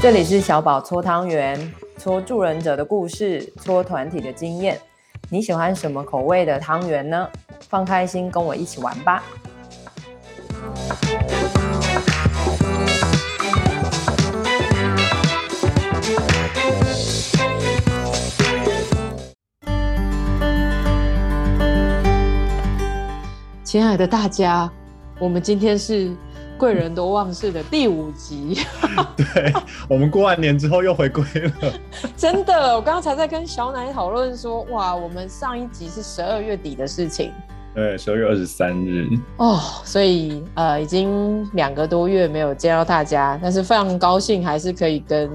這裡是小寶搓湯圓、搓助人者的故事、搓團體的經驗。你喜歡什麼口味的湯圓呢？放開心，跟我一起玩吧！親愛的大家，我們今天是。櫃人多妄事的第五集， 對，我們過完年之後又回歸了。 真的，我剛才在跟小乃討論說，哇，我們上一集是十二月底的事情，對，十二月二十三日。哦、oh，所以呃，已經兩個多月沒有見到大家，但是非常高興，還是可以跟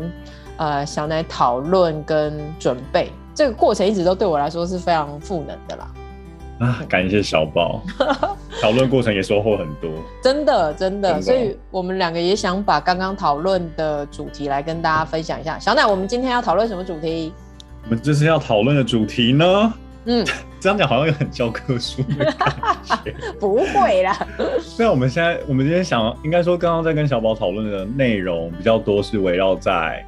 呃小乃討論跟準備這個過程，一直都對我來說是非常賦能的啦。啊，感謝小寶，討論過程也收穫很多， 真的真的，真的，所以我們兩個也想把剛剛討論的主題來跟大家分享一下。小奶，我們今天要討論什麼主題？我們這次要討論的主題呢？嗯，這樣講好像也很教科書。 不會啦，所以我們現在，我們今天想，應該說剛剛在跟小寶討論的內容比較多，是圍繞在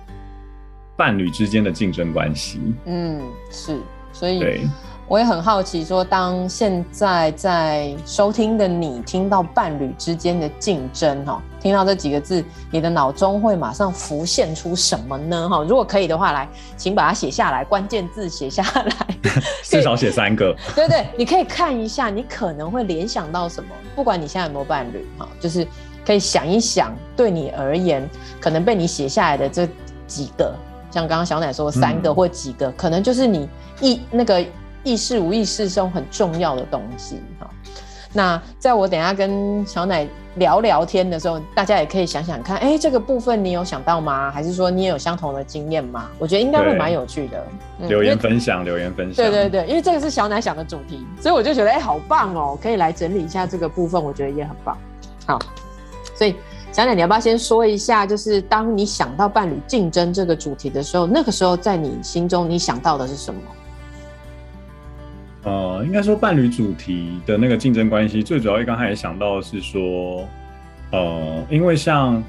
伴侶之間的競爭關係。嗯，是，所以。我也很好奇說，說當現在在收聽的你聽到伴侶之間的競爭哈，聽到這幾個字，你的腦中會馬上浮現出什麼呢？哈，如果可以的話，來，請把它寫下來，關鍵字寫下來， 至少寫寫三個 ，對，對對，你可以看一下，你可能會聯想到什麼，不管你現在有沒有伴侶哈，就是可以想一想，對你而言，可能被你寫下來的這幾個，像剛剛小乃說的三個或幾個，嗯、可能就是你一那個，意識無意識這種很重要的東西哈，那在我等下跟小奶聊聊天的時候，大家也可以想想看，哎、欸，這個部分你有想到嗎？還是說你也有相同的經驗嗎？我覺得應該會蠻有趣的、嗯。留言分享，留言分享。對對對，因為這個是小奶想的主題，所以我就覺得哎、欸，好棒哦，可以來整理一下這個部分，我覺得也很棒。好，所以小奶你要不要先說一下，就是當你想到伴侶競爭這個主題的時候，那個時候在你心中你想到的是什麼？呃，應該說伴侶主題的那個競爭關係，最主要一剛才也想到的是說，呃，因為像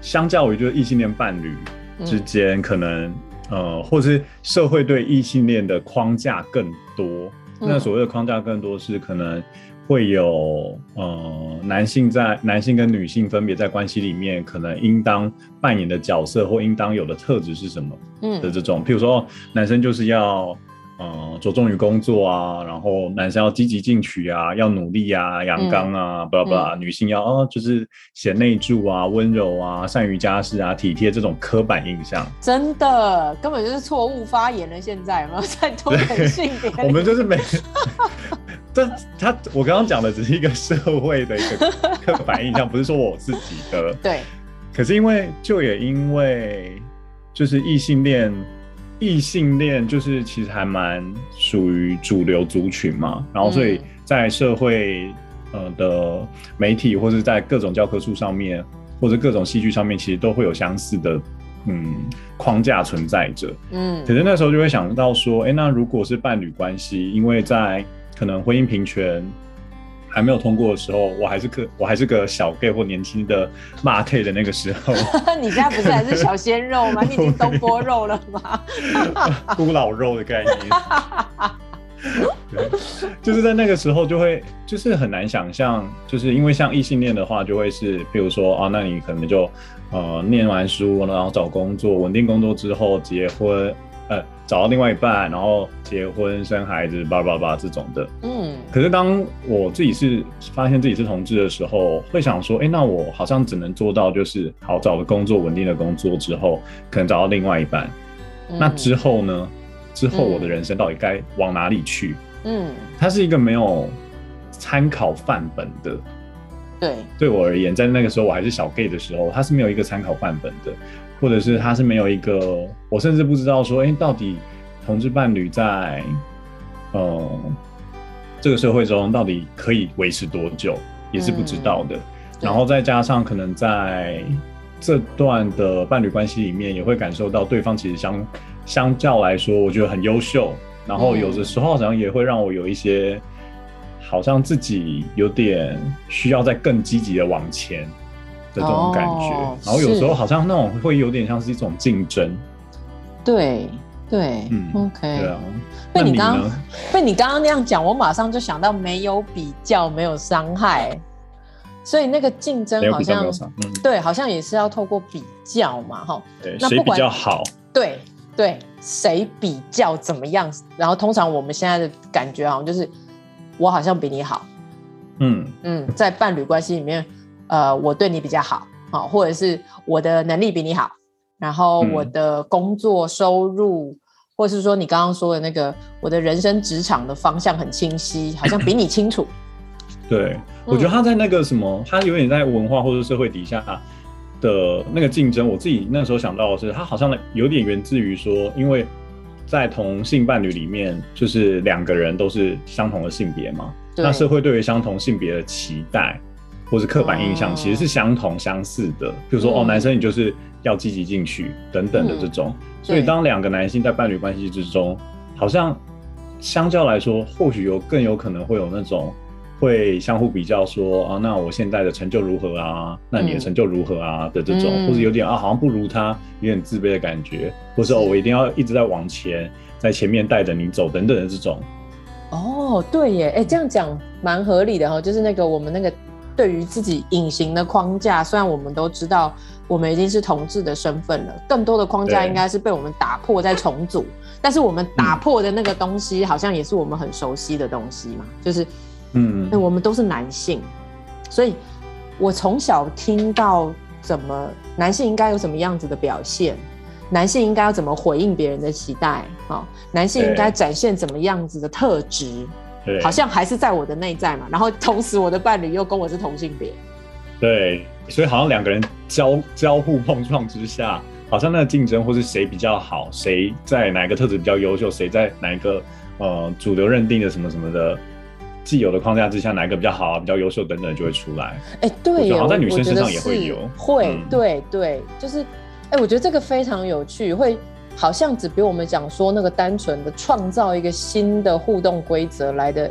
相較於就是異性戀伴侶之間、嗯，可能呃，或是社會對異性戀的框架更多。嗯、那所謂的框架更多是可能會有呃，男性在男性跟女性分別在關係裡面可能應當扮演的角色或應當有的特質是什麼的這種。嗯、譬如說、哦，男生就是要。呃、嗯、着重於工作啊，然後男生要積極進取啊，要努力啊，陽剛啊，blah blah 女性要哦，就是賢內助啊，溫柔啊，善於家事啊，體貼這種刻板印象，真的根本就是錯誤發言了。現在不要再多累性點我們就是沒，但 他我剛剛講的只是一個社會的一個刻板印象，不是說我自己的。 對，可是因為就也因為就是異性戀。異性戀就是其實還蠻屬於主流族群嘛，然後所以在社會呃的媒體或者在各種教科書上面或者各種戲劇上面，其實都會有相似的嗯框架存在着。嗯，可是那時候就會想到說，哎、欸，那如果是伴侶關係，因為在可能婚姻平權。還沒有通過的時候，我還是個我還是個小 gay 或年輕的 male 的那個時候。 你現在不是還是小鮮肉嗎？你已經東坡肉了嗎？咕 咾肉的概念。 就是在那個時候就會就是很難想象，就是因為像異性戀的話，就會是，比如說啊，那你可能就、呃、念完書，然後找工作，穩定工作之後結婚。找到另外一半，然後結婚生孩子，叭叭叭這種的。嗯，可是當我自己是發現自己是同志的時候，會想說，哎、欸，那我好像只能做到就是好找個工作，穩定的工作之後，可能找到另外一半。嗯、那之後呢？之後我的人生到底該往哪裡去？嗯，它是一個沒有參考範本的。對，對我而言，在那個時候我還是小 gay 的時候，他是沒有一個參考範本的，或者是他是沒有一個，我甚至不知道說，哎，到底同志伴侶在，呃，這個社會中到底可以維持多久，也是不知道的。嗯，然後再加上可能在這段的伴侶關係裡面，也會感受到對方其實相相較來說，我覺得很優秀。然後有的時候好像也會讓我有一些。好像自己有點需要再更積極的往前的這種感覺。哦，然後有時候好像那種會有點像是一種競爭。對對，嗯，OK。對啊，被你剛剛，被你剛剛 那樣講，我馬上就想到沒有比較，沒有傷害， 所以那個競爭好像沒有沒有，嗯，對，好像也是要透過比較嘛，哈。對，誰比較好？對對，誰比較怎麼樣？然後通常我們現在的感覺好像就是。我好像比你好，嗯嗯，在伴侶關係裡面，呃，我對你比較好，啊，或者是我的能力比你好，然後我的工作收入，嗯，或者是說你剛剛說的那個，我的人生職場的方向很清晰，好像比你清楚。對，嗯，我覺得他在那個什麼，他有點在文化或者社會底下的那個競爭。我自己那時候想到的是，他好像有點源自於說，因為。在同性伴侶裡面，就是兩個人都是相同的性別嘛。那社會對於相同性別的期待，或是刻板印象其實是相同、相似的。嗯、譬如說哦，男生你就是要積極進取等等的這種。嗯、所以當兩個男性在伴侶關係之中，好像相較來說，或許有更有可能會有那種。會相互比較說啊，那我現在的成就如何啊？那你的成就如何啊？嗯、的這種，或者有點啊，好像不如他，有點自卑的感覺。嗯、或是哦，我一定要一直在往前，在前面帶着你走，等等的這種。哦，對耶，哎、欸，這樣講蠻合理的哈。就是那個我們那個對於自己隱形的框架，雖然我們都知道我們已經是同志的身份了，更多的框架應該是被我們打破再重組。但是我們打破的那個東西，好像也是我們很熟悉的東西嘛，就是。嗯，我們都是男性，所以，我從小聽到怎麼男性應該有什麼樣子的表現，男性應該要怎麼回應別人的期待，哦，男性應該展現怎麼樣子的特質，對，好像還是在我的內在嘛。然後，同時我的伴侶又跟我是同性別，對，所以好像兩個人交交互碰撞之下，好像那個競爭或是誰比較好，誰在哪個特質比較優秀，誰在哪一個呃主流認定的什麼什麼的。既有的框架之下，哪一個比較好啊？比較優秀等等就會出來。哎、欸，對呀，我覺得好像在女生身上也會有。嗯、會，對對，就是，哎、欸，我覺得這個非常有趣，會好像只比我們講說那個單純的創造一個新的互動規則來的。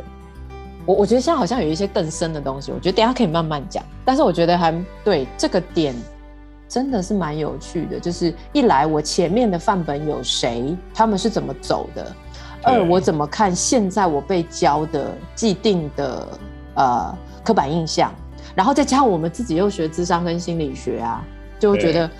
我我覺得現在好像有一些更深的東西，我覺得等下可以慢慢講。但是我覺得還對這個點真的是蠻有趣的，就是一來我前面的範本有誰，他們是怎麼走的。二，我怎麼看現在我被教的既定的呃刻板印象，然後再加上我們自己又學諮商跟心理學啊，就會覺得，哎、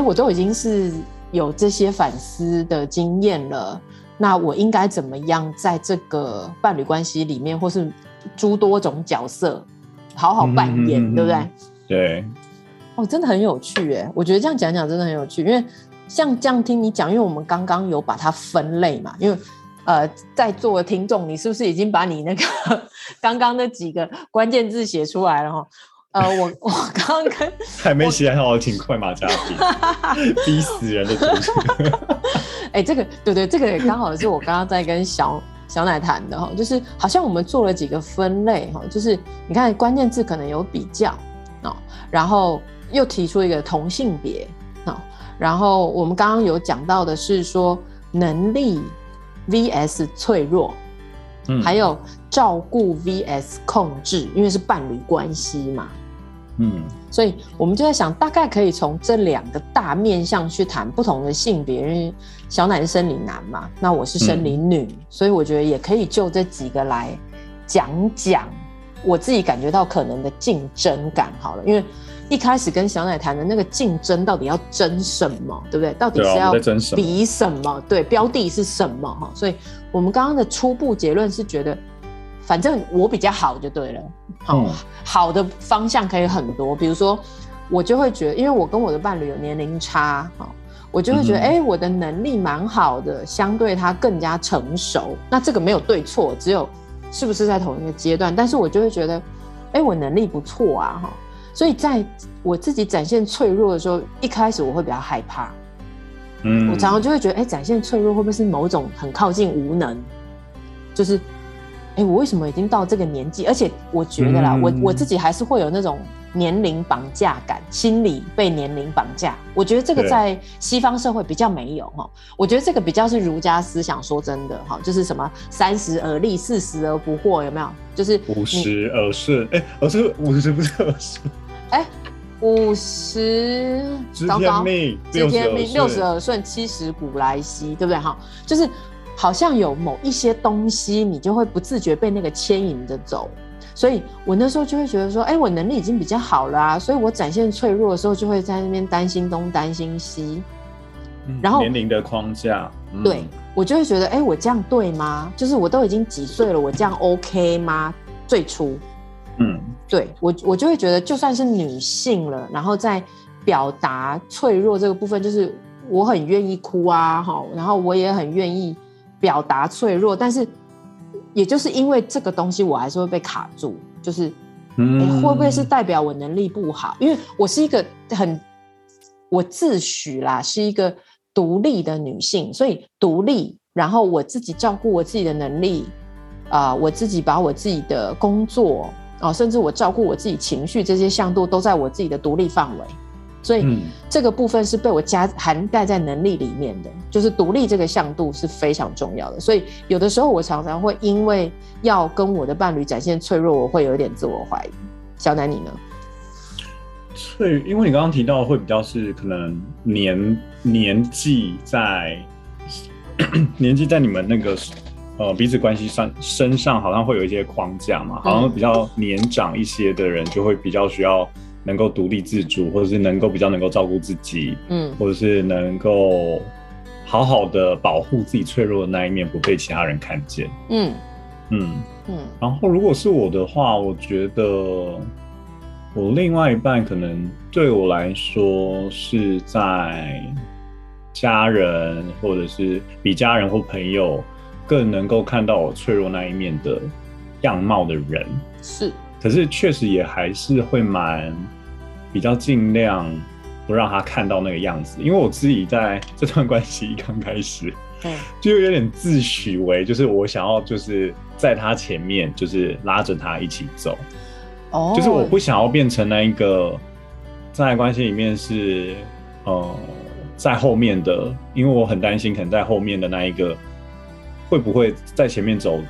欸，我都已經是有這些反思的經驗了，那我應該怎麼樣在這個伴侶關係裡面或是諸多種角色好好扮演、嗯，對不對？對，哦，真的很有趣哎，我覺得這樣講講真的很有趣，因為像這樣聽你講，因為我們剛剛有把它分類嘛，因為。呃，在座的聽眾，你是不是已經把你那個剛剛那幾個關鍵字寫出來了哈？呃，我我剛剛 還沒寫好，請快馬加鞭，家 逼死人的東西。哎、 欸，這個對，對對，這個也剛好是我剛剛在跟小小奶談的哈，就是好像我們做了幾個分類哈，就是你看關鍵字可能有比較啊，然後又提出一個同性別啊，然後我們剛剛有講到的是說能力。V S 脆弱，嗯，還有照顧 V S 控制，因為是伴侶關係嘛，嗯，所以我們就在想，大概可以從這兩個大面向去談不同的性別，因為小乃是生理男嘛，那我是生理女，嗯，所以我覺得也可以就這幾個來講講。我自己感覺到可能的競爭感好了，因為一開始跟小乃談的那個競爭到底要爭什麼，對不對？到底是要比什麼？對啊，對標的是什麼？哈，所以我們剛剛的初步結論是覺得，反正我比較好就對了。好，嗯，哦，好的方向可以很多，比如說我就會覺得，因為我跟我的伴侶有年齡差，哈，我就會覺得，哎，嗯，欸，我的能力蠻好的，相對他更加成熟。那這個沒有對錯，只有。是不是在同一個階段？但是我就會覺得，哎，我能力不錯啊，哈，所以在我自己展現脆弱的時候，一開始我會比較害怕，嗯，我常常就會覺得，哎，展現脆弱會不會是某種很靠近無能？就是，哎，我為什麼已經到這個年紀？而且我覺得啦，嗯嗯嗯，我我自己還是會有那種。年齡綁架感，心理被年齡綁架，我覺得這個在西方社會比較沒有哈。我覺得這個比較是儒家思想說真的哈，就是什麼三十而立，四十而不惑，有沒有？就是五十而順，哎、欸，哦，這個五十不是二十，哎，五十，知、欸、天命，知天命，六十而順，七十古來稀，對不對？哈，就是好像有某一些東西，你就會不自覺被那個牽引着走。所以我那時候就會覺得說，哎、欸，我能力已經比較好了啊，所以我展現脆弱的時候，就會在那邊擔心東擔心西。然後年齡的框架，嗯、對我就會覺得，哎、欸，我這樣對嗎？就是我都已經幾歲了，我這樣 OK 嗎？最初，嗯，對我我就會覺得，就算是女性了，然後在表達脆弱這個部分，就是我很願意哭啊，吼，然後我也很願意表達脆弱，但是。也就是因為這個東西，我還是會被卡住，就是、嗯欸、會不會是代表我能力不好？因為我是一個很我自詡啦，是一個獨立的女性，所以獨立，然後我自己照顧我自己的能力，啊、呃，我自己把我自己的工作哦、呃，甚至我照顧我自己情緒這些向度都在我自己的獨立範圍。所以這個部分是被我加含帶在能力裡面的，嗯、就是獨立這個向度是非常重要的。所以有的時候我常常會因為要跟我的伴侶展現脆弱我，我會有點自我懷疑。小南，你呢？脆，因為你剛剛提到會比較是可能年年紀在 年紀在你們那個呃彼此關係上身上好像會有一些框架嘛、嗯，好像比較年長一些的人就會比較需要能夠獨立自主，或者是能夠比較能夠照顧自己，嗯，或者是能夠好好的保護自己脆弱的那一面，不被其他人看見。嗯，嗯嗯。然後，如果是我的話，我覺得我另外一半可能對我來說是在家人，或者是比家人或朋友更能夠看到我脆弱那一面的樣貌的人。是。可是確實也還是會蠻比較盡量不讓他看到那個樣子，因為我自己在這段關係剛開始，就有點自詡為，就是我想要就是在他前面，就是拉着他一起走，哦、oh，就是我不想要變成那一個，在關係裡面是呃在後面的，因為我很擔心可能在後面的那一個會不會在前面走，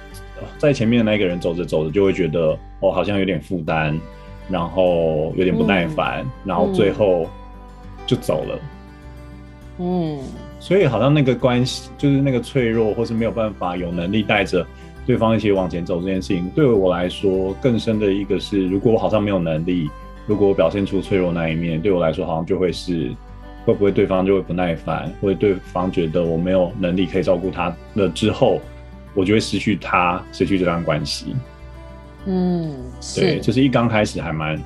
在前面的那個人走着走着就會覺得，我、哦、好像有點負擔，然後有點不耐煩、嗯，然後最後就走了。嗯，所以好像那個關係就是那個脆弱，或是沒有辦法有能力帶着對方一起往前走這件事情，對我來說更深的一個是，如果我好像沒有能力，如果我表現出脆弱那一面，對我來說好像就會是會不會對方就會不耐煩，或者對方覺得我沒有能力可以照顧他了之後。我就會失去他，失去這段關係。嗯，對，就是一剛開始還蠻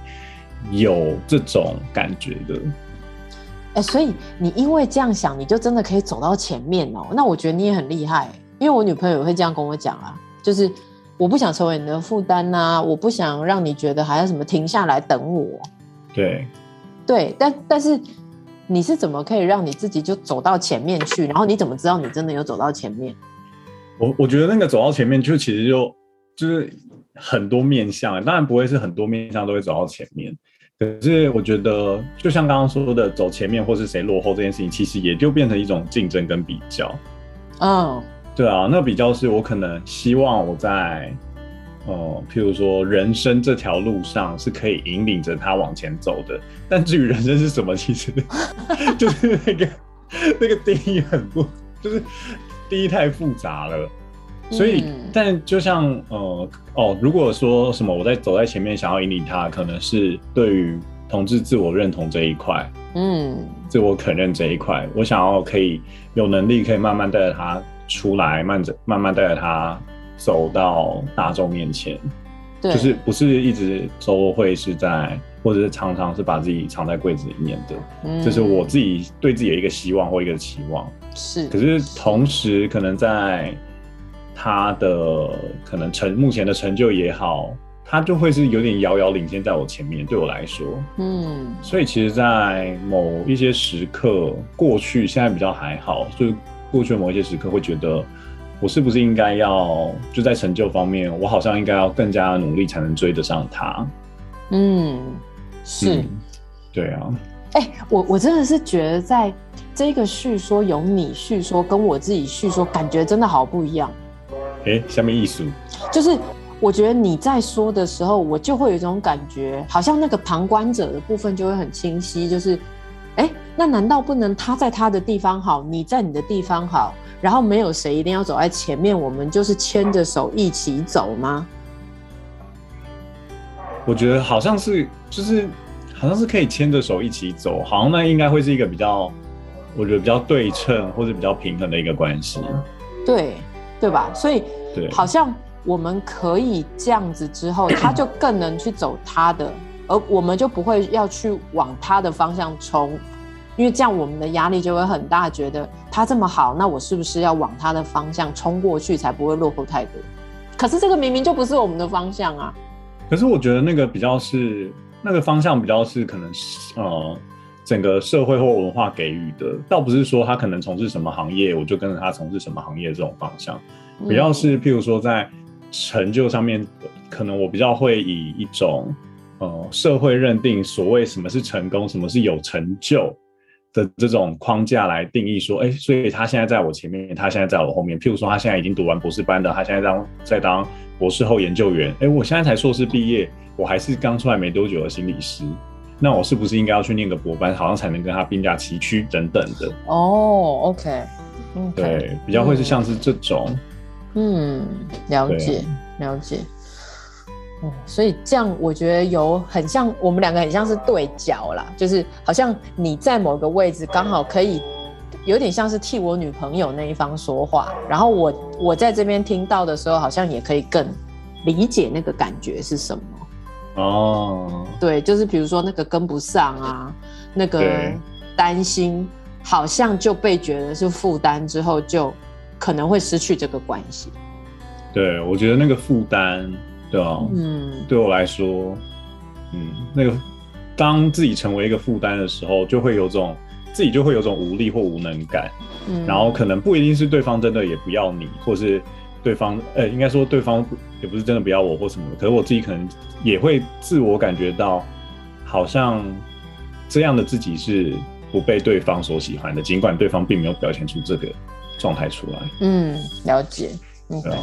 有這種感覺的。哎、欸，所以你因為這樣想，你就真的可以走到前面哦？那我覺得你也很厲害，因為我女朋友也會這樣跟我講啊，就是我不想成為你的負擔吶、啊，我不想讓你覺得還要什麼停下來等我。對，對，但但是你是怎麼可以讓你自己就走到前面去？然後你怎麼知道你真的有走到前面？我我覺得那個走到前面就其實就就是很多面向，當然不會是很多面向都會走到前面。可是我覺得，就像剛剛說的，走前面或是誰落後這件事情，其實也就變成一種競爭跟比較。哦、oh.，對啊，那比較是我可能希望我在、呃、譬如說人生這條路上是可以引領着他往前走的。但至於人生是什麼，其實就是那個 那個定義很不就是。第一太複雜了，所以，嗯、但就像呃哦，如果說什麼我在走在前面想要引領他，可能是對於同志自我認同這一塊，嗯，自我肯認這一塊，我想要可以有能力，可以慢慢帶着他出來，慢着慢慢帶着他走到大眾面前，嗯，就是不是一直都會是在，或者是常常是把自己藏在櫃子裡面的。嗯，這是我自己對自己的一個希望或一個期望。是，可是同時可能在他的可能成目前的成就也好，他就會是有點遙遙領先在我前面。對我來說，嗯，所以其實，在某一些時刻，過去現在比較還好，就是過去的某一些時刻會覺得，我是不是應該要就在成就方面，我好像應該要更加努力才能追得上他。嗯。是，嗯，對啊。哎，欸，我我真的是覺得，在這個敘說有你敘說跟我自己敘說，感覺真的好不一樣。哎，欸，下面意思就是我覺得你在說的時候，我就會有一種感覺，好像那個旁觀者的部分就會很清晰。就是，哎，欸，那難道不能他在他的地方好，你在你的地方好，然後沒有誰一定要走在前面，我們就是牽着手一起走嗎？我覺得好像是，就是好像是可以牽着手一起走，好像那應該會是一個比較，我覺得比較對稱或者比較平衡的一個關係。嗯，對，對吧？所以，對，好像我們可以這樣子之後，他就更能去走他的， 而我們就不會要去往他的方向衝，因為這樣我們的壓力就會很大，覺得他這麼好，那我是不是要往他的方向衝過去才不會落後太多？可是這個明明就不是我們的方向啊。可是我覺得那個比較是那個方向比較是可能是呃整個社會或文化給予的，倒不是說他可能從事什麼行業，我就跟着他從事什麼行業這種方向，比較是譬如說在成就上面，嗯，可能我比較會以一種呃社會認定所謂什麼是成功，什麼是有成就。的這種框架來定義說，哎、欸，所以他現在在我前面，他現在在我後面。譬如說，他現在已經讀完博士班的，他現在當在當博士後研究員。哎、欸，我現在才碩士畢業，我還是剛出來沒多久的心理師，那我是不是應該要去念個博班，好像才能跟他並駕齊驅等等的。哦、oh, okay，OK，對，比較會是像是這種，嗯，嗯，了解，了解。嗯，所以這樣我覺得有很像我們兩個很像是對角啦，就是好像你在某個位置剛好可以，有點像是替我女朋友那一方說話，然後我我在這邊聽到的時候，好像也可以更理解那個感覺是什麼。哦，對，就是比如說那個跟不上啊，那個擔心，好像就被覺得是負擔，之後就可能會失去這個關係。對，我覺得那個負擔。對啊，嗯，對我來說，嗯，那個，當自己成為一個負擔的時候，就會有種自己就會有種無力或無能感，嗯，然後可能不一定是對方真的也不要你，或是對方，呃、欸，應該說對方也不是真的不要我或什麼的，可是我自己可能也會自我感覺到，好像這樣的自己是不被對方所喜歡的，儘管對方並沒有表現出這個狀態出來。嗯，了解，嗯、啊。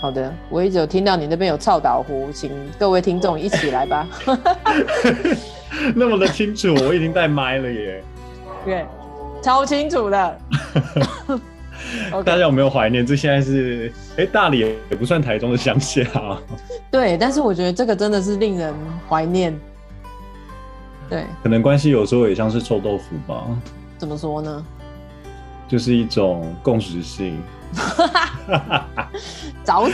好的，我一直有聽到你那邊有臭島湖，請各位聽眾一起來吧。 那麼的清楚，我已經帶麥了耶。對、yeah，超清楚的、 okay。大家有沒有懷念？這現在是哎、欸，大里也不算台中的鄉下啊。對，但是我覺得這個真的是令人懷念。對，可能關係有時候也像是臭豆腐吧。怎麼說呢？就是一種共識性。哈哈找死！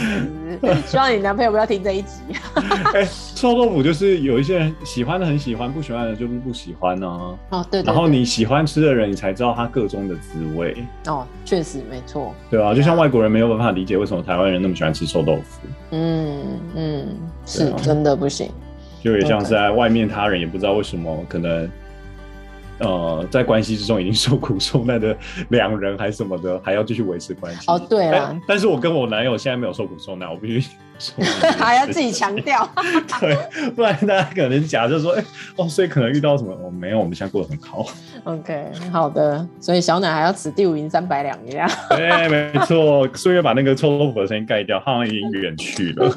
希望你男朋友不要聽這一集、 欸。臭豆腐就是有一些人喜歡的很喜歡，不喜歡的就不喜歡呢、啊。哦，對，對，對。然後你喜歡吃的人，你才知道它個中的滋味。哦，確實沒錯。對啊，就像外國人沒有辦法理解為什麼台灣人那麼喜歡吃臭豆腐。嗯嗯，是、啊、真的不行。就也像是在外面，他人也不知道為什麼，可能。呃，在關係之中已經受苦受難的兩人還是什麼的，還要繼續維持關係？哦，對啊、欸。但是我跟我男友現在沒有受苦受難，我必須 還要自己強調。 對，不然大家可能假設說，哎、欸、哦，所以可能遇到什麼？我、哦、沒有，我們現在過得很好。OK，好的。所以小奶還要此地無銀三百兩一樣。對、 欸，沒錯。所以要把那個臭豆腐的聲音蓋掉，好像已經遠去了。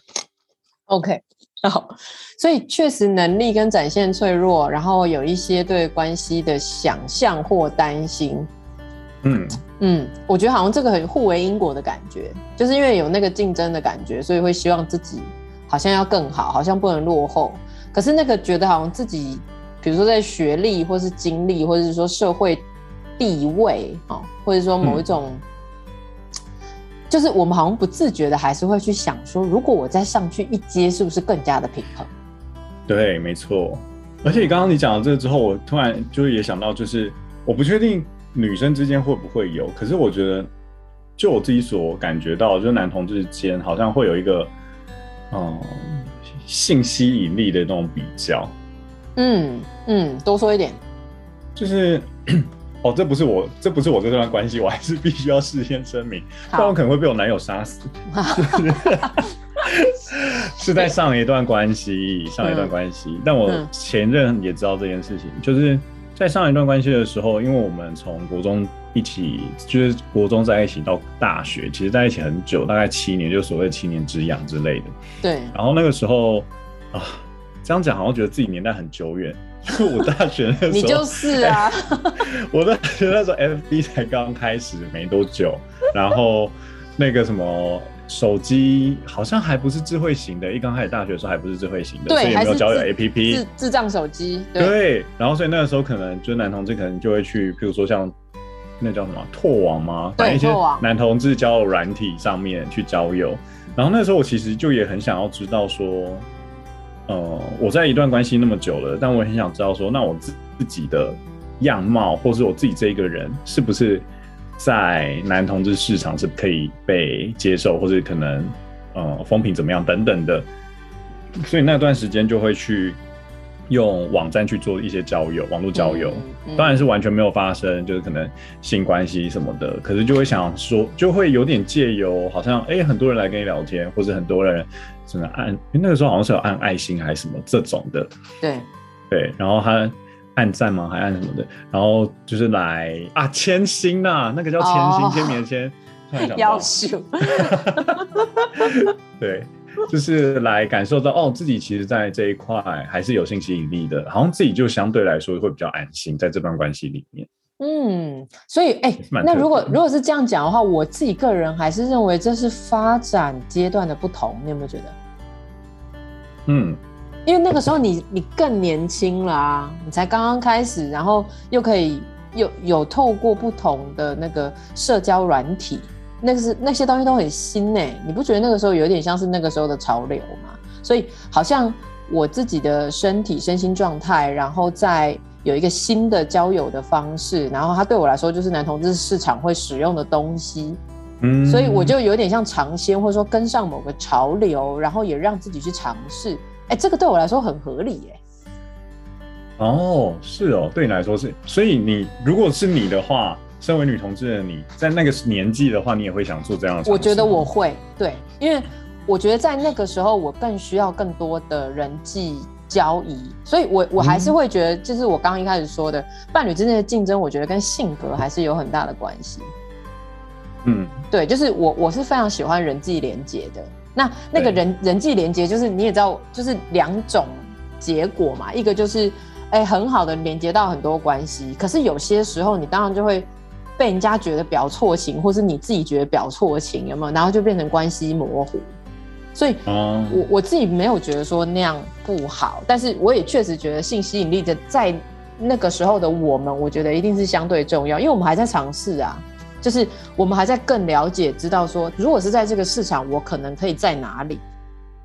OK。Oh, 所以確實能力跟展現脆弱，然後有一些對關係的想象或擔心。嗯嗯，我覺得好像這個很互為因果的感覺，就是因為有那個競爭的感覺，所以會希望自己好像要更好，好像不能落後。可是那個覺得好像自己，比如說在學歷或是經歷，或者是說社會地位，哈、哦，或者說某一種、嗯。就是我們好像不自覺的還是會去想說，如果我再上去一階，是不是更加的平衡？對，沒錯。而且剛剛你剛剛你講的這個之後、嗯，我突然就是也想到，就是我不確定女生之間會不會有，可是我覺得，就我自己所感覺到，就是男同志之間好像會有一個嗯性吸引力的那種比較。嗯嗯，多說一點，就是。 哦，這不是我，這不是我這段關係，我還是必須要事先聲明，但我可能會被我男友殺死。 是在上一段關係，上一段關係、嗯，但我前任也知道這件事情，嗯、就是在上一段關係的時候，因為我們從國中一起，就是國中在一起到大學，其實在一起很久，大概七年，就所謂七年之癢之類的。對。然後那個時候啊，這樣講好像覺得自己年代很久遠。就我大學那時候，你就是啊！ 我大學那時候，FB 才剛開始沒多久， 然後那個什麼手機好像還不是智慧型的，一剛開始大學的時候還不是智慧型的，對，所以也沒有交友 APP。智障手機。對，然後所以那個時候可能就是男同志可能就會去，比如說像那叫什麼拓網嗎？對，一些男同志交友軟體上面去交友，然後那時候我其實就也很想要知道說。呃，我在一段關係那麼久了，但我很想知道說，那我自自己的樣貌，或是我自己這一個人，是不是在男同志市場是可以被接受，或者可能呃風評怎麼樣等等的。所以那段時間就會去。用網站去做一些交友，網絡交友、嗯嗯、當然是完全沒有發生，就是可能性關係什麼的，可是就會想說，就會有點借由好像哎、欸，很多人來跟你聊天，或是很多人真的按、欸、那個時候好像是有按愛心還是什麼這種的，對對，然後他按贊嗎？還按什麼的？然後就是來啊千心吶、啊，那個叫千心千名簽、哦，要求， 對。就是來感受到哦，自己其實，在這一塊還是有性吸引力的，好像自己就相對來說會比較安心在這段關係裡面。嗯，所以哎、欸，那如果如果是這樣講的話，我自己個人還是認為這是發展階段的不同，你有沒有覺得？嗯，因為那個時候你你更年輕了啊，你才剛剛開始，然後又可以有有透過不同的那個社交軟體。那個是那些東西都很新欸，你不覺得那個時候有點像是那個時候的潮流嗎？所以好像我自己的身體、身心狀態，然後再有一個新的交友的方式，然後它對我來說就是男同志市場會使用的東西。嗯，所以我就有點像嘗鮮，或者說跟上某個潮流，然後也讓自己去嘗試。欸，這個對我來說很合理耶。哦，是哦，對你來說是，所以你如果是你的話。身為女同志的你，在那個年紀的話，你也會想做這樣的事情。我覺得我會。對，因為我覺得在那個時候，我更需要更多的人際交易，所以我，我我還是會覺得，就是我剛剛一開始說的，嗯、伴侶之間的競爭，我覺得跟性格還是有很大的關係。嗯，對，就是我我是非常喜歡人際連接的。那那個人人際連接，就是你也知道，就是兩種結果嘛，一個就是哎、欸，很好的連接到很多關係，可是有些時候，你當然就會。被人家覺得表錯情，或是你自己覺得表錯情，有沒有？然後就變成關係模糊。所以，我我自己沒有覺得說那樣不好，但是我也確實覺得性吸引力的，在那個時候的我們，我覺得一定是相對重要，因為我們還在嘗試啊，就是我們還在更了解，知道說，如果是在這個市場，我可能可以在哪裡？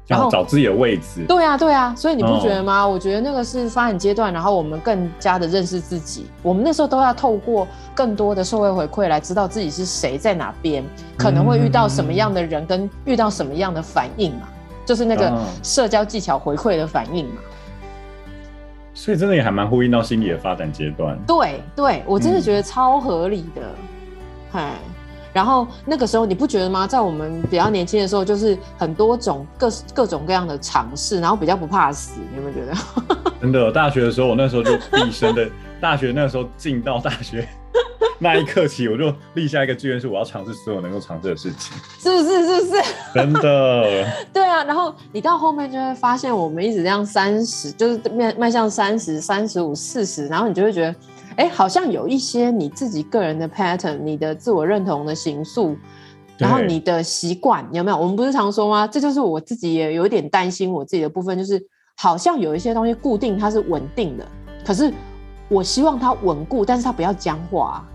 然後找，找自己的位置，對呀、啊，對呀、啊，所以你不覺得嗎、哦？我覺得那個是發展階段，然後我們更加的認識自己。我們那時候都要透過更多的社會回饋來知道自己是誰，在哪邊可能會遇到什麼樣的人、嗯，跟遇到什麼樣的反應嘛，就是那個社交技巧回饋的反應嘛。所以真的也還蠻呼應到心理的發展階段。對，對我真的覺得超合理的，嗨、嗯！然後那個時候你不覺得嗎？在我們比較年輕的時候，就是很多種各各種各樣的嘗試，然後比較不怕死，你有沒有覺得？真的，大學的時候，我那時候就一生的， 大學那時候進到大學那一刻起，我就立下一個志願，是我要嘗試所有能夠嘗試的事情，是不是？是不是？真的。 對啊，然後你到後面就會發現，我們一直這樣三十，就是面邁向三十、三十五、四十，然後你就會覺得。哎、欸，好像有一些你自己個人的 pattern，你的自我認同的形塑，然後你的習慣有沒有？我們不是常說嗎？這就是我自己也有一點擔心我自己的部分，就是好像有一些東西固定，它是穩定的，可是我希望它穩固，但是它不要僵化。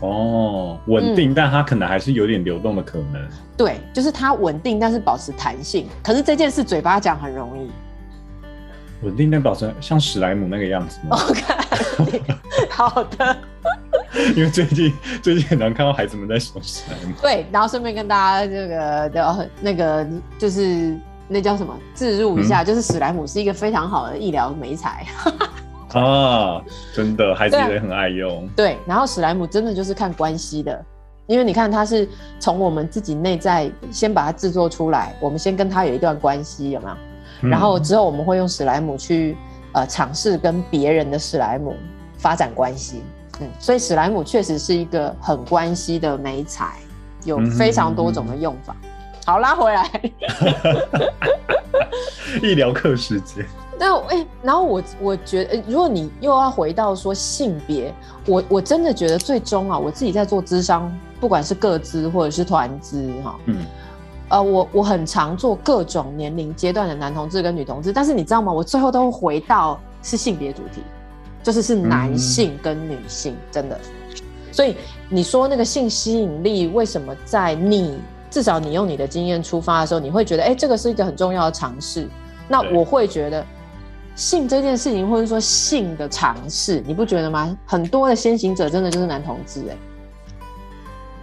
哦，穩定、嗯，但它可能還是有點流動的可能。對，就是它穩定，但是保持彈性。可是這件事嘴巴講很容易，穩定但保持像史萊姆那個樣子。OK。 好的， 因為最近最近很難看到孩子們在玩史萊姆。對，然後順便跟大家這個的，那個就是那叫什麼，置入一下，嗯、就是史萊姆是一個非常好的醫療媒材。 啊，真的，孩子也很愛用。對，對然後史萊姆真的就是看關係的，因為你看它是從我們自己內在先把它製作出來，我們先跟它有一段關係，有沒有、嗯？然後之後我們會用史萊姆去。呃，嘗試跟別人的史萊姆發展關係，嗯，所以史萊姆確實是一個很關係的媒材，有非常多種的用法。嗯哼嗯哼好，拉回來， 醫療課時間。對，哎、欸，然後我我覺得、欸，如果你又要回到說性別，我我真的覺得最終啊，我自己在做諮商，不管是個資或者是團資哈，嗯。呃，我我很常做各種年齡階段的男同志跟女同志，但是你知道嗎？我最後都會回到是性別主題，就是是男性跟女性，嗯，真的。所以你說那個性吸引力，為什麼在你至少你用你的經驗出發的時候，你會覺得欸，這個是一個很重要的嘗試？那我會覺得性這件事情，或者說性的嘗試，你不覺得嗎？很多的先行者真的就是男同志欸，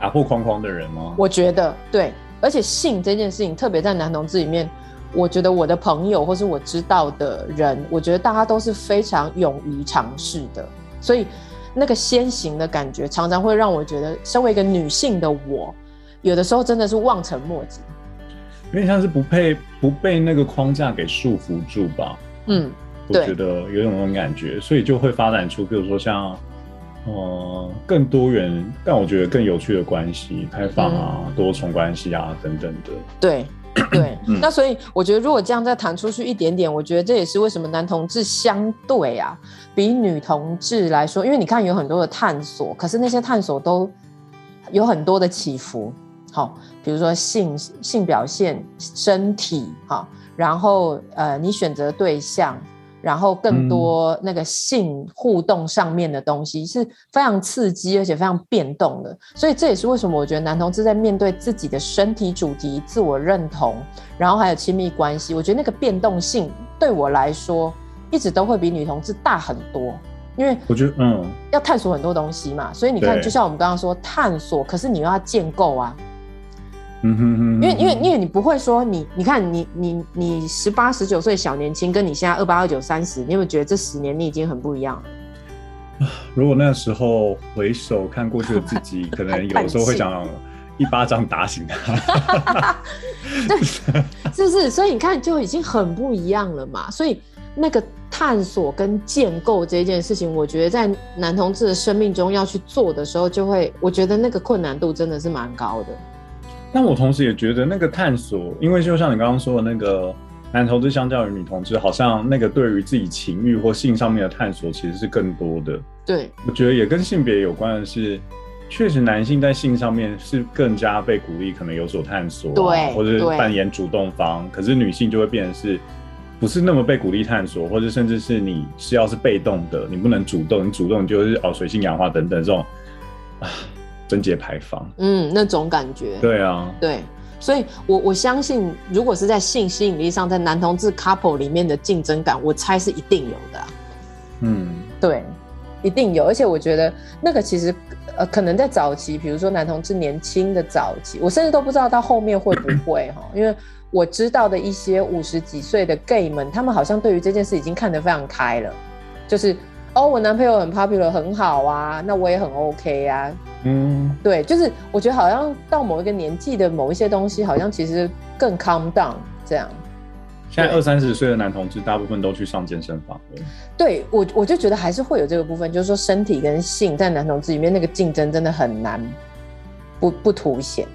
打破框框的人嗎？我覺得對。而且性這件事情，特別在男同志裡面，我覺得我的朋友或是我知道的人，我覺得大家都是非常勇於嘗試的。所以那個先行的感覺，常常會讓我覺得，身為一個女性的我，有的時候真的是望塵莫及。有點像是不被不被那個框架給束縛住吧？嗯，我覺得有種感覺，所以就會發展出，比如說像。哦、呃，更多元，但我覺得更有趣的關係，開放啊，嗯、多重關係啊，等等的。對對咳咳，那所以我覺得，如果這樣再談出去一點點，我覺得這也是為什麼男同志相對啊，比女同志來說，因為你看有很多的探索，可是那些探索都有很多的起伏。好、哦，比如說性性表現、身體哈、哦，然後呃，你選擇對象。然後更多那個性互動上面的東西是非常刺激，而且非常變動的。所以這也是為什麼我覺得男同志在面對自己的身體主題、自我認同，然後還有親密關係，我覺得那個變動性對我來說一直都會比女同志大很多。因為我覺得嗯，要探索很多東西嘛。所以你看，就像我們剛剛說探索，可是你又要建構啊。嗯哼哼，因為因為因為你不會說，你你看你你你十八十九歲小年輕，跟你現在二八二九三十，你有沒有覺得這十年你已經很不一樣了？如果那時候回首看過去的自己，可能有時候會想一巴掌打醒他。 還嘆氣笑 對，是不是，所以你看就已經很不一樣了嘛。所以那個探索跟建構這件事情，我覺得在男同志的生命中要去做的時候，就會我覺得那個困難度真的是蠻高的。那我同時也覺得那個探索，因為就像你剛剛說的，那個男同志相較於女同志，好像那個對於自己情慾或性上面的探索其實是更多的。對，我覺得也跟性別有關的是，確實男性在性上面是更加被鼓勵，可能有所探索，啊，對，或者扮演主動方。可是女性就會變成是不是那麼被鼓勵探索，或者甚至是你是要是被動的，你不能主動，你主動就是哦水性楊花等等這種。貞節牌坊，嗯，那種感覺，對啊，對，所以我，我我相信，如果是在性吸引力上，在男同志 couple 裡面的競爭感，我猜是一定有的，啊，嗯，對，一定有，而且我覺得那個其實，呃，可能在早期，比如說男同志年輕的早期，我甚至都不知道到後面會不會哈， 因為我知道的一些五十幾歲的 gay 們，他們好像對於這件事已經看得非常開了，就是。哦，我男朋友很 popular，很好啊，那我也很 OK 啊。嗯，對，就是我覺得好像到某一個年紀的某一些東西，好像其實更 calm down 這樣。現在二三十歲的男同志大部分都去上健身房，對。對，我我就覺得還是會有這個部分，就是說身體跟性在男同志裡面那個競爭真的很難，不不凸顯。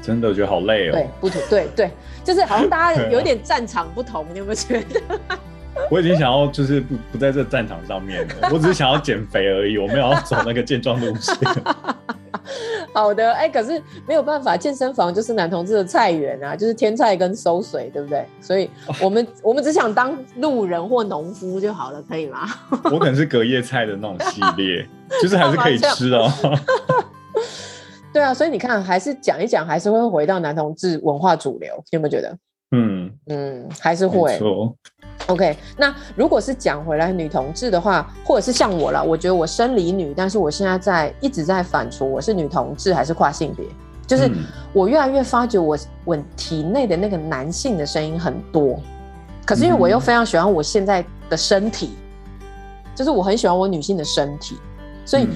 真的我覺得好累哦。對，不凸對對，就是好像大家有點戰場不同， 啊。你有沒有覺得？我已經想要就是不不在這戰場上面了，我只是想要減肥而已，我沒有要走那個健壯路線。 好的，哎、欸，可是沒有辦法，健身房就是男同志的菜園啊，就是天菜跟收水，對不對？所以我們、哎、我們只想當路人或農夫就好了，可以嗎？ 我可能是隔夜菜的那種系列，就是還是可以吃的、哦。 對啊，所以你看，還是講一講，還是會回到男同志文化主流，有沒有覺得？嗯嗯，還是會。OK，那如果是講回來女同志的話，或者是像我啦，我覺得我生理女，但是我現在在一直在反芻我是女同志還是跨性別，就是我越來越發覺我我體內的那個男性的聲音很多，可是因為我又非常喜歡我現在的身體，就是我很喜歡我女性的身體，所以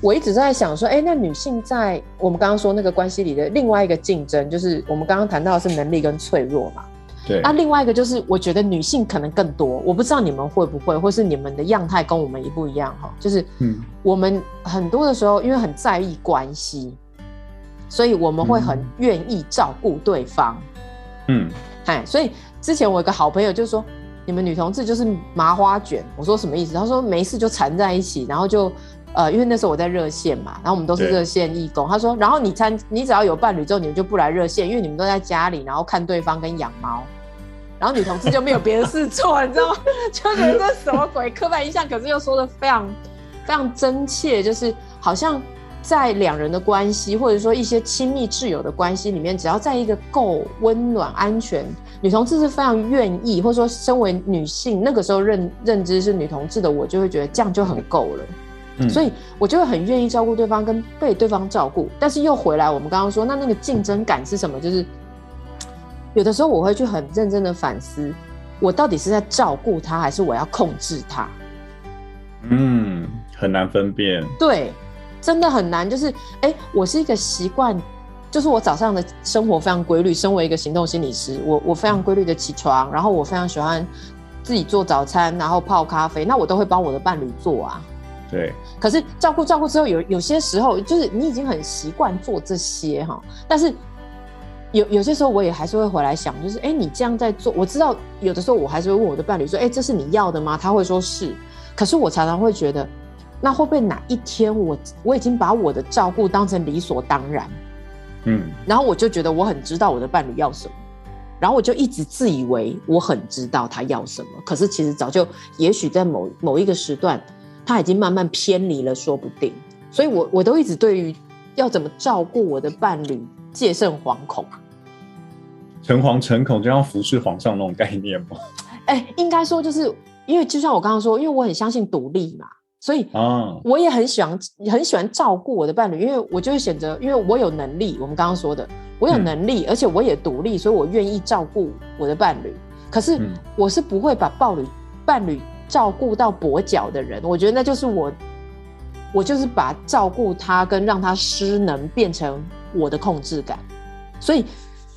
我一直在想說，哎、欸，那女性在我們剛剛說那個關係裡的另外一個競爭，就是我們剛剛談到的是能力跟脆弱嘛。那、啊、另外一個就是，我覺得女性可能更多，我不知道你們會不會，或是你們的樣態跟我們一不一樣哈？就是，嗯，我們很多的時候因為很在意關係，所以我們會很願意照顧對方。嗯，嗨、嗯，所以之前我有一個好朋友就說，你們女同志就是麻花捲，我說什麼意思？他說沒事就纏在一起，然後就。呃，因為那時候我在熱線嘛，然後我們都是熱線義工。他說，然後你參，你只要有伴侶之後，你們就不來熱線，因為你們都在家裡，然後看對方跟養貓。然後女同志就沒有別的事做之後，你知道嗎？就覺得這什麼鬼 刻板印象，可是又說的非常非常真切，就是好像在兩人的關係，或者說一些親密摯友的關係裡面，只要在一個夠溫暖、安全，女同志是非常願意，或者說身為女性，那個時候認認知是女同志的我，就會覺得這樣就很夠了。所以，我就會很願意照顧對方跟被對方照顧。但是又回來，我們剛剛說，那那個競爭感是什麼？就是有的時候我會去很認真的反思，我到底是在照顧他，還是我要控制他？嗯，很難分辨。對，真的很難。就是，哎，我是一個習慣，就是我早上的生活非常規律。身為一個行動心理師，我我非常規律的起床，然後我非常喜歡自己做早餐，然後泡咖啡。那我都會幫我的伴侶做啊。對，可是照顧照顧之後有，有有些時候就是你已經很習慣做這些哈，但是有有些時候我也還是會回來想，就是哎，你這樣在做，我知道有的時候我還是會問我的伴侶說，哎，這是你要的嗎？他會說是，可是我常常會覺得，那會不會哪一天我我已經把我的照顧當成理所當然，嗯，然後我就覺得我很知道我的伴侶要什麼，然後我就一直自以為我很知道他要什麼，可是其實早就也許在某某一個時段。他已經慢慢偏離了，說不定。所以我，我我都一直對於要怎麼照顧我的伴侶，戒慎惶恐。誠惶誠恐，就像服侍皇上那種概念嗎？哎、欸，應該說，就是因為就像我剛剛說，因為我很相信獨立嘛，所以啊，我也很喜歡、啊、很喜歡照顧我的伴侶，因為我就會選擇，因為我有能力。我們剛剛說的，我有能力，嗯、而且我也獨立，所以我願意照顧我的伴侶。可是，我是不會把伴侶伴侶伴侶。照顧到跛腳的人，我覺得那就是我，我就是把照顧他跟讓他失能變成我的控制感，所以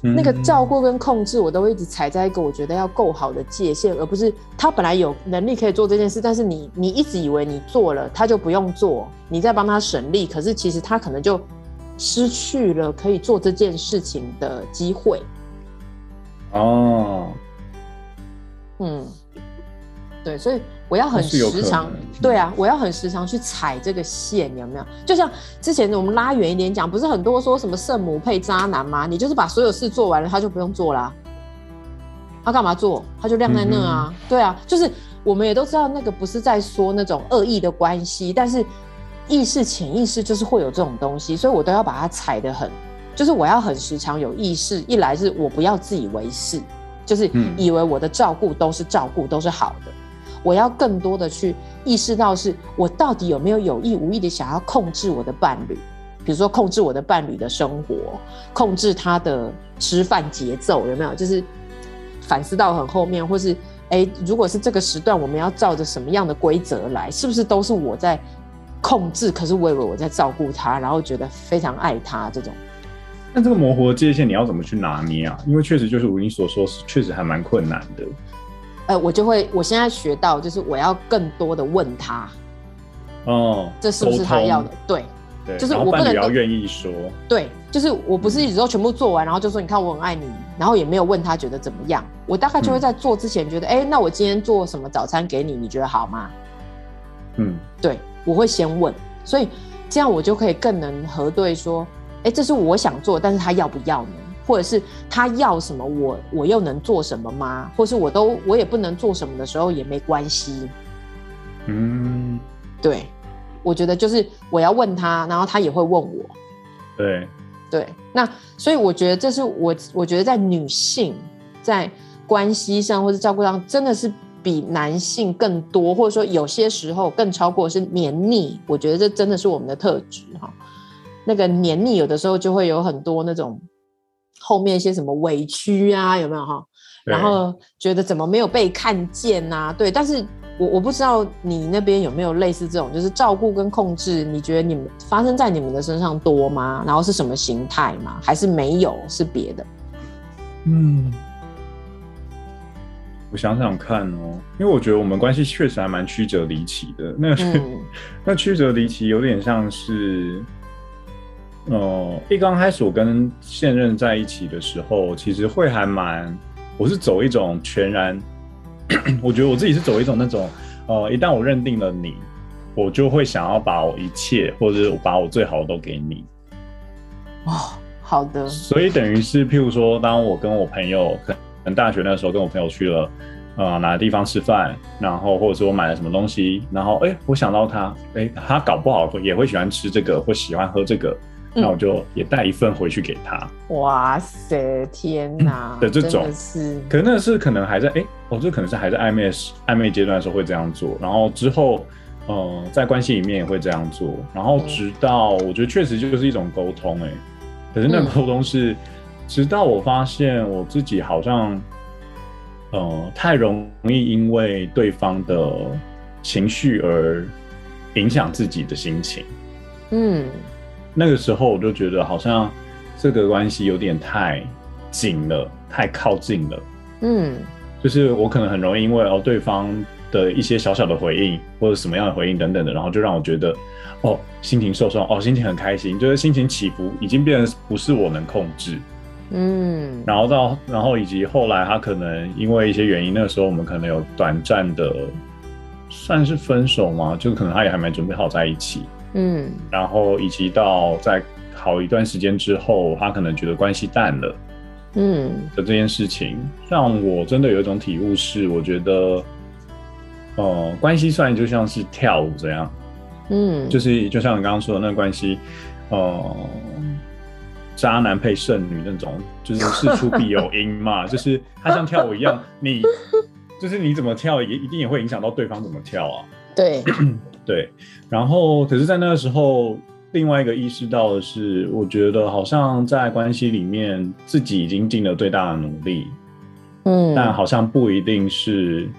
那個照顧跟控制，我都會一直踩在一個我覺得要夠好的界限，嗯，而不是他本來有能力可以做這件事，但是你你一直以為你做了他就不用做，你在幫他省力，可是其實他可能就失去了可以做這件事情的機會。哦，嗯。對，所以我要很時常，對啊，我要很時常去踩這個線，你有沒有？就像之前我們拉遠一點講，不是很多說什麼聖母配渣男嗎？你就是把所有事做完了，他就不用做了，啊，他，啊，幹嘛做？他就晾在那啊。嗯嗯對啊，就是我們也都知道那個不是在說那種惡意的關係，但是意識、潛意識就是會有這種東西，所以我都要把它踩得很，就是我要很時常有意識，一來是我不要自以為是，就是以為我的照顧都是照顧，都是好的。我要更多的去意識到，是我到底有沒有有意無意的想要控制我的伴侶，比如說控制我的伴侶的生活，控制他的吃飯節奏，有沒有？就是反思到很後面，或是誒、欸，如果是這個時段，我們要照着什麼樣的規則來，是不是都是我在控制？可是我以為我在照顧他，然後覺得非常愛他這種。那這個模糊的界限，你要怎麼去拿捏啊？因為確實就是如你所說，是確實還蠻困難的。呃，我就會，我現在學到就是我要更多的問他，哦，這是不是他要的？對，對，就是我不能比願意說，對，就是我不是一直都全部做完，然後就說你看我很愛你，然後也沒有問他覺得怎麼樣，我大概就會在做之前覺得，哎、嗯欸，那我今天做什麼早餐給你，你覺得好嗎？嗯，對，我會先問，所以這樣我就可以更能核對說，哎、欸，這是我想做，但是他要不要呢？或者是他要什麼，我我又能做什麼嗎？或是我都我也不能做什麼的時候也沒關係。嗯，對，我覺得就是我要問他，然後他也會問我。對對，那所以我覺得這是我我覺得在女性在關係上或者照顧上，真的是比男性更多，或者說有些時候更超過是黏膩。我覺得這真的是我們的特質哈。那個黏膩有的時候就會有很多那種。後面一些什麼委屈啊，有沒有哈？然後覺得怎麼沒有被看見啊？對，但是我我不知道你那邊有沒有類似這種，就是照顧跟控制，你覺得你們發生在你們的身上多嗎？然後是什麼形態嗎？還是沒有，是別的？嗯，我想想看哦，因為我覺得我們關係確實還蠻曲折離奇的。那、嗯、那曲折離奇有點像是。哦、呃，一剛開始我跟現任在一起的時候，其實會還蠻，我是走一種全然， 我覺得我自己是走一種那種，呃，一旦我認定了你，我就會想要把我一切，或者我把我最好的都給你。哦，好的。所以等於是，譬如說，當我跟我朋友，可能大學那時候跟我朋友去了，呃，哪個地方吃飯，然後或者說我買了什麼東西，然後哎、欸，我想到他，哎、欸，他搞不好也會喜歡吃這個，或喜歡喝這個。嗯、那我就也帶一份回去給他。哇塞！天哪！的這種的是，可是那是可能還在哎、欸，我這可能是還在曖昧曖昧階段的時候會這樣做，然後之後嗯、呃，在關係裡面也會這樣做，然後直到我覺得確實就是一種溝通哎、欸嗯，可是那個溝通是直到我發現我自己好像嗯、呃，太容易因為對方的情緒而影響自己的心情，嗯。那個時候我就覺得好像這個關係有點太緊了，太靠近了。嗯，就是我可能很容易因為哦，對方的一些小小的回應或者什麼樣的回應等等的，然後就讓我覺得哦心情受傷，哦心情很開心，就是心情起伏已經變得不是我能控制。嗯，然後到然後以及後來他可能因為一些原因，那個時候我們可能有短暫的算是分手嘛，就可能他也還沒準備好在一起。嗯，然後以及到在好一段時間之後，他可能覺得關係淡了，嗯，的這件事情讓、嗯、我真的有一種體悟，是我覺得，哦、呃，關係算就像是跳舞這樣，嗯，就是就像你剛剛說的那關係，哦、呃，渣男配剩女那種，就是事出必有因嘛， 就是他像跳舞一樣， 你就是你怎麼跳也，也一定也會影響到對方怎麼跳啊，對。咳咳對，然後可是，在那個時候，另外一個意識到的是，我覺得好像在關係裡面，自己已經盡了最大的努力，嗯，但好像不一定是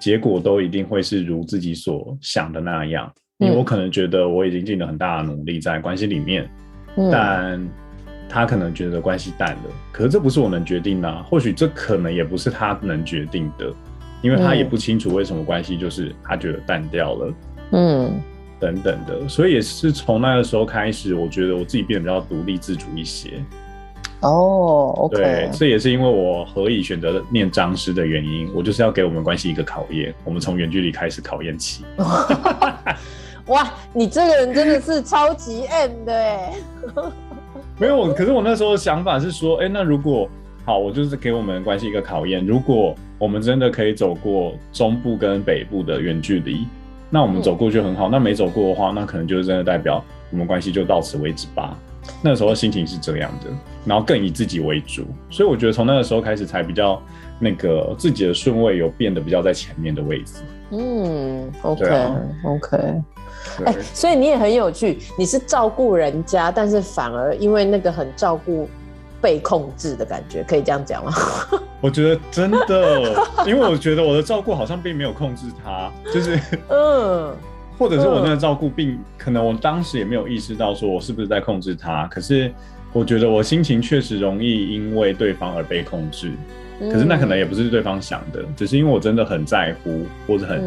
結果，都一定會是如自己所想的那樣。因、嗯、為我可能覺得我已經盡了很大的努力在關係裡面，嗯，但他可能覺得關係淡了，可是這不是我能決定的，啊，或許這可能也不是他能決定的，因為他也不清楚為什麼關係就是他覺得淡掉了。嗯，等等的，所以也是從那個時候開始，我覺得我自己變得比較獨立自主一些。哦、okay，對，這也是因為我何以選擇念彰師的原因，我就是要給我們關係一個考驗，我們從遠距離開始考驗起。哇， 哇，你這個人真的是超級 M 的哎！ 沒有，可是我那時候的想法是說，哎、欸，那如果好，我就是給我們關係一個考驗，如果我們真的可以走過中部跟北部的遠距離。那我們走過就很好。嗯，那沒走過的話，那可能就是真的代表我們關係就到此為止吧。那時候心情是這樣的，然後更以自己為主，所以我覺得從那個時候開始才比較那個自己的順位有變得比較在前面的位置。嗯，OK、啊、OK。哎、欸，所以你也很有趣，你是照顧人家，但是反而因為那個很照顧被控制的感覺，可以這樣講嗎？ 我覺得真的，因為我覺得我的照顧好像並沒有控制他，就是，嗯，或者是我那個照顧並、嗯、可能我當時也沒有意識到說我是不是在控制他，可是我覺得我心情確實容易因為對方而被控制，可是那可能也不是對方想的，嗯、只是因為我真的很在乎或者很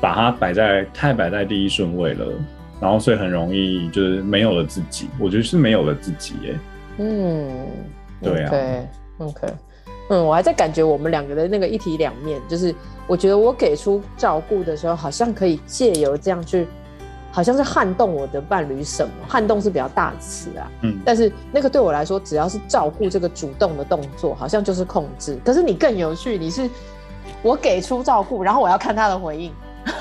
把它擺在太擺在第一順位了，然後所以很容易就是沒有了自己，我覺得是沒有了自己、欸嗯，對啊，對，OK，OK，嗯，我還在感覺我們兩個的那個一體兩面，就是我覺得我給出照顧的時候，好像可以借由這樣去，好像是撼動我的伴侶什麼，撼動是比較大詞啊，嗯，但是那個對我來說，只要是照顧這個主動的動作，好像就是控制，可是你更有趣，你是我給出照顧，然後我要看他的回應。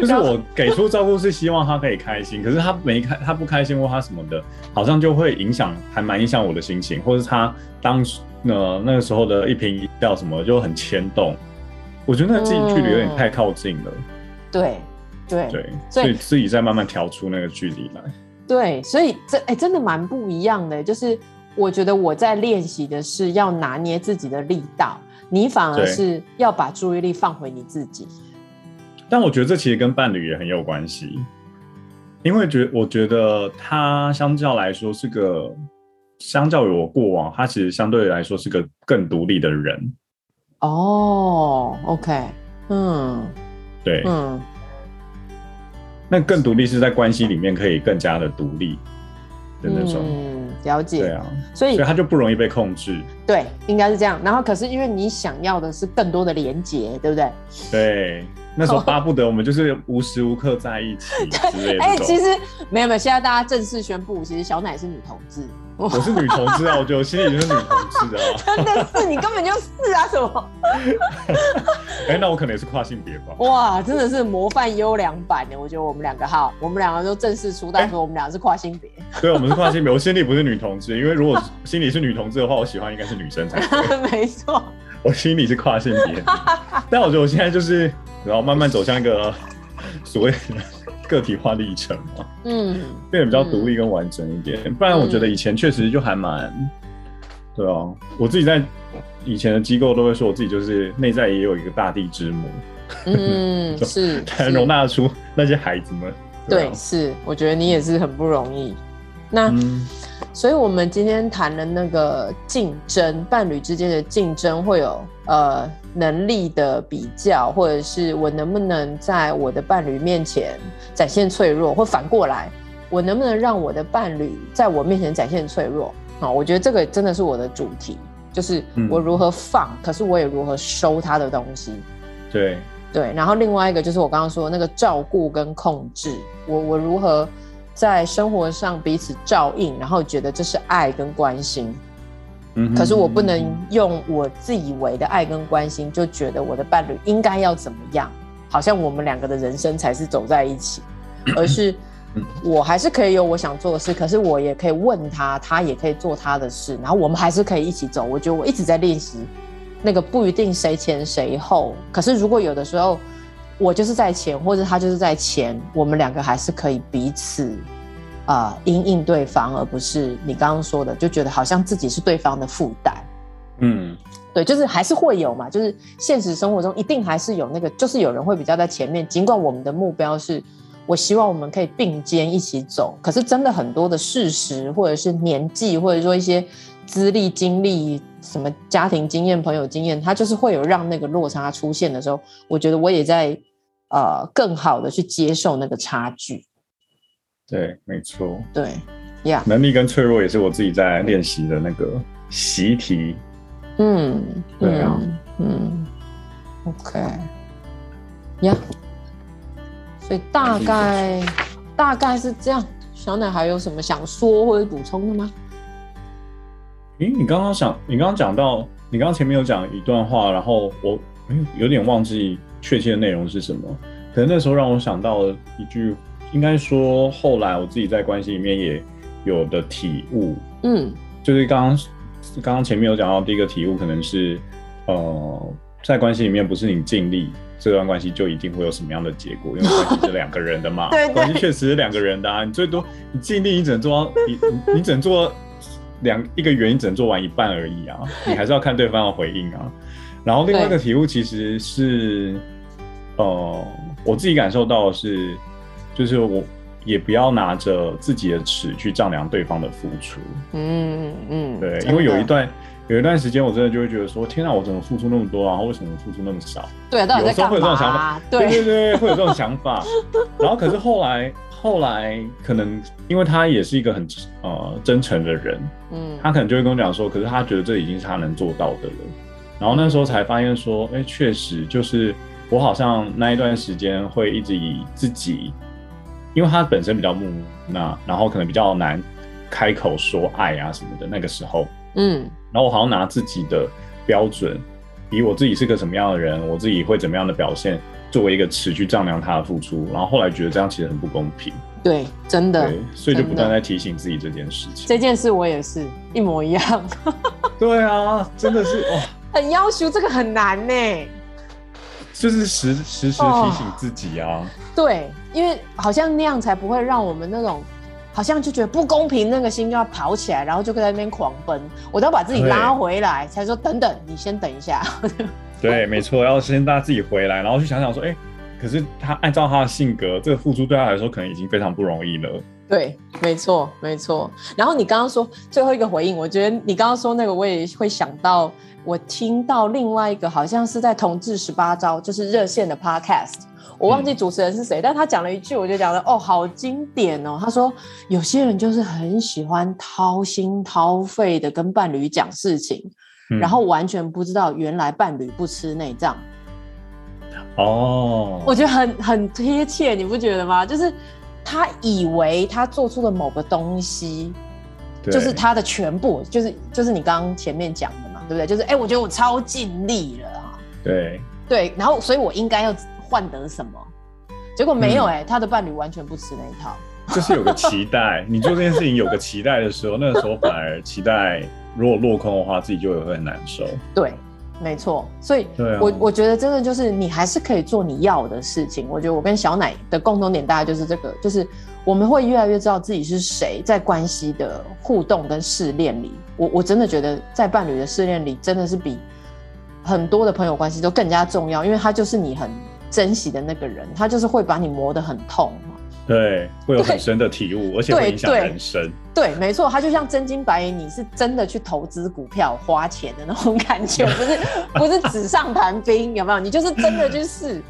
就是我給出照顧是希望他可以開心， 可是他沒開，他不開心或他什麼的，好像就會影響，還蠻影響我的心情，或是他當、呃、那那個時候的一顰一笑什麼就很牽動，我覺得那個距離有點太靠近了。嗯、對對對，所以自己再慢慢調出那個距離來。對，所以這哎、欸、真的蠻不一樣的，就是我覺得我在練習的是要拿捏自己的力道，你反而是要把注意力放回你自己。但我覺得這其實跟伴侶也很有關係，因為覺我覺得他相較來說是個，相較於我過往，他其實相對來說是個更獨立的人。哦，OK，嗯，對，嗯，那更獨立是在關係裡面可以更加的獨立的、嗯、那種，嗯，了解，對啊，所，所以他就不容易被控制，對，應該是這樣。然後可是因為你想要的是更多的連結，對不對？對。那時候巴不得、oh. 我們就是無時無刻在一起。對，欸、其實沒有沒有，現在大家正式宣布，其實小奶是女同志。我是女同志啊， 我覺得我心裡就是女同志啊。 真的是，你根本就是啊什麼？哎 欸，那我可能也是跨性別吧。哇，真的是模範優良版的，我覺得我們兩個哈，我們兩個都正式出道，說我們倆是跨性別。 對，我們是跨性別，我心裡不是女同志，因為如果心裡是女同志的話，我喜歡應該是女生才對。 沒錯。我心裡是跨性別， 但我覺得我現在就是。然後慢慢走向一個所謂個體化歷程嘛，嗯，變得比較獨立跟完整一點。不、嗯、然我覺得以前確實就還蠻、嗯……對啊，我自己在以前的機構都會說，我自己就是內在也有一個大地之母，嗯，呵呵是，才能容納出那些孩子們對、啊。對，是，我覺得你也是很不容易。那。嗯所以，我們今天談的那個競爭，伴侶之間的競爭，會有呃能力的比較，或者是我能不能在我的伴侶面前展現脆弱，或反過來，我能不能讓我的伴侶在我面前展現脆弱？好，我覺得這個真的是我的主題，就是我如何放，嗯、可是我也如何收他的東西。對對，然後另外一個就是我剛剛說那個照顧跟控制，我我如何？在生活上彼此照應，然後覺得這是愛跟關心。嗯。可是我不能用我自以為的愛跟關心，就覺得我的伴侶應該要怎麼樣，好像我們兩個的人生才是走在一起。而是，我還是可以有我想做的事，可是我也可以問他，他也可以做他的事，然後我們還是可以一起走。我覺得我一直在練習，那個不一定誰前誰後。可是如果有的時候，我就是在前，或者他就是在前，我們兩個還是可以彼此啊、呃，因應對方，而不是你剛剛說的，就覺得好像自己是對方的負擔。嗯，對，就是還是會有嘛，就是現實生活中一定還是有那個，就是有人會比較在前面。儘管我們的目標是，我希望我們可以並肩一起走，可是真的很多的事實，或者是年紀，或者說一些。資歷、經歷、什麼家庭經驗、朋友經驗，他就是會有讓那個落差出現的時候。我覺得我也在，呃，更好的去接受那個差距。對，沒錯。對，Yeah。能力跟脆弱也是我自己在練習的那個習題。嗯，對啊。嗯。OK。Yeah。所以大概，大概是這樣。小乃還有什麼想說或者補充的嗎？誒，你剛剛想，你剛剛講到，你剛剛前面有講一段話，然後我有點忘記確切的內容是什麼，可能那時候讓我想到了一句，應該說後來我自己在關係裡面也有的體悟，嗯，就是剛剛剛剛前面有講到第一個體悟，可能是呃在關係裡面不是你盡力，這段關係就一定會有什麼樣的結果，因為關係是兩個人的嘛， 對，對，對，關係確實是兩個人的啊，你最多你盡力只能做到，你你你只能做到兩一個原因只能做完一半而已啊，你還是要看對方的回應啊。 然後另外一個題目其實是，哦、呃，我自己感受到的是，就是我也不要拿着自己的尺去丈量對方的付出。嗯嗯嗯，對，因為有一段。有一段時間，我真的就會覺得說：“天哪，我怎麼付出那麼多，然後為什麼付出那麼少？”對啊，到底在幹嘛啊？有的時候會有這種想法，對對對， 會有這種想法。然後可是後來，後來可能因為他也是一個很呃真誠的人，嗯，他可能就會跟我講說：“可是他覺得這已經是他能做到的了。”然後那時候才發現說：“哎，確實，就是我好像那一段時間會一直以自己，因為他本身比較木訥，然後可能比較難開口說愛啊什麼的。”那個時候。嗯，然後我好像拿自己的標準，以我自己是個什麼樣的人，我自己會怎麼樣的表現，作為一個尺去丈量他的付出，然後後來覺得這樣其實很不公平。對，真的，所以就不斷在提醒自己這件事情。這件事我也是一模一樣。 對啊，真的是哦，很要求這個很難呢、欸，就是時時時提醒自己啊、哦。對，因為好像那樣才不會讓我們那種。好像就覺得不公平，那個心就要跑起來，然後就可以在那邊狂奔。我都要把自己拉回來，才說等等，你先等一下。 對，沒錯，要先帶自己回來，然後去想想說，哎、欸，可是他按照他的性格，這個付出對他來說可能已經非常不容易了。對，沒錯，沒錯。然後你剛剛說最後一個回應，我覺得你剛剛說那個，我也會想到，我聽到另外一個，好像是在《同志十八招》，就是熱線的 Podcast。我忘記主持人是誰、嗯，但他講了一句，我就講了哦，好經典哦。他說有些人就是很喜歡掏心掏肺的跟伴侶講事情、嗯，然後完全不知道原來伴侶不吃內臟。哦，我覺得很很貼切，你不覺得嗎？就是他以為他做出的某個東西，就是他的全部，就是就是你剛剛前面講的嘛，對不對？就是哎、欸，我覺得我超盡力了、啊、對對，然後所以我應該要。換得什麼？結果沒有哎、欸，他的伴侶完全不吃那一套。嗯、就是有個期待， 你做這件事情有個期待的時候， 那個時候反而期待如果落空的話，自己就會很難受。對，沒錯。所以，對啊、我我覺得真的就是你還是可以做你要的事情。我覺得我跟小奶的共同點大概就是這個，就是我們會越來越知道自己是誰，在關係的互動跟試煉裡，我我真的覺得在伴侶的試煉裡，真的是比很多的朋友關係都更加重要，因為他就是你很珍惜的那個人，他就是會把你磨得很痛嘛。對，會有很深的體悟，而且會對，影響很深。對，沒錯，他就像真金白銀，你是真的去投資股票花錢的那種感覺，不是不是紙上談兵， 有沒有？你就是真的去、就、試、是，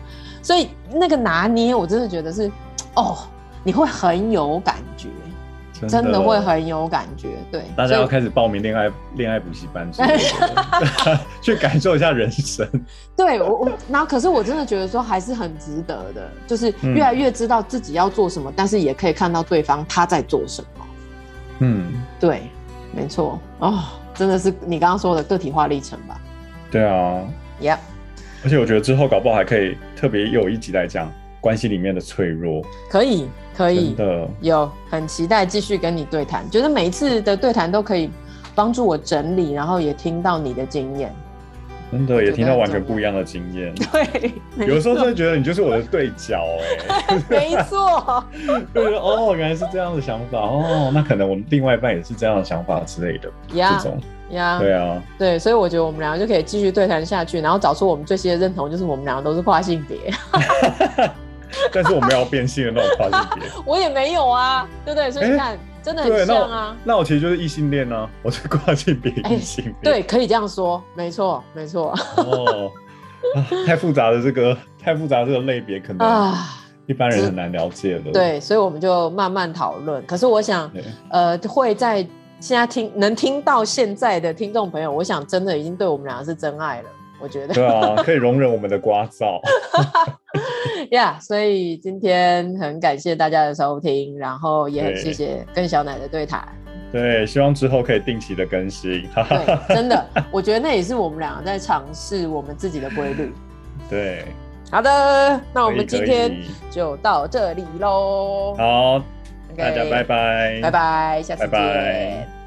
所以那個拿捏，我真的覺得是哦，你會很有感覺。真的，真的會很有感覺，對。大家要開始報名戀愛戀愛補習班， 去感受一下人生。對我我那可是我真的覺得說還是很值得的， 就是越來越知道自己要做什麼、嗯，但是也可以看到對方他在做什麼。嗯，對，沒錯，哦，真的是你剛剛說的個體化歷程吧？對啊，Yep，而且我覺得之後搞不好還可以特別有一集來講。關係裡面的脆弱，可以，可以的，有很期待繼續跟你對談，覺、就、得、是、每一次的對談都可以幫助我整理，然後也聽到你的經驗，真的也聽到完全不一樣的經驗，對，有時候真的覺得你就是我的對角、欸，哎 沒錯，沒 錯、就是，對哦，原來是這樣的想法哦，那可能我們另外一半也是這樣的想法之類的，呀、yeah,，呀、yeah,，對啊，對，所以我覺得我們兩個就可以繼續對談下去，然後找出我們最新的認同，就是我們兩個都是跨性別。 但是我沒有變性的那種跨性別， 我也沒有啊，對不對？所以你看、欸、真的很像啊那。那我其實就是異性戀呢、啊，我是跨性別異、欸、性。對，可以這樣說，沒錯，沒錯。哦、呃，太複雜的這個，太複雜的這個類別，可能一般人很難了解的、啊。對，所以我們就慢慢討論。可是我想，呃，會在現在聽能聽到現在的聽眾朋友，我想真的已經對我們倆是真愛了。我覺得對啊，可以容忍我們的聒噪。 呀、yeah，所以今天很感謝大家的收聽，然後也很謝謝跟小乃的對談。對，希望之後可以定期的更新。 對，真的，我覺得那也是我們倆在嘗試我們自己的規律。對，好的，那我們今天就到這裡嘍。好，okay, 大家拜拜，拜拜，下次見。拜拜。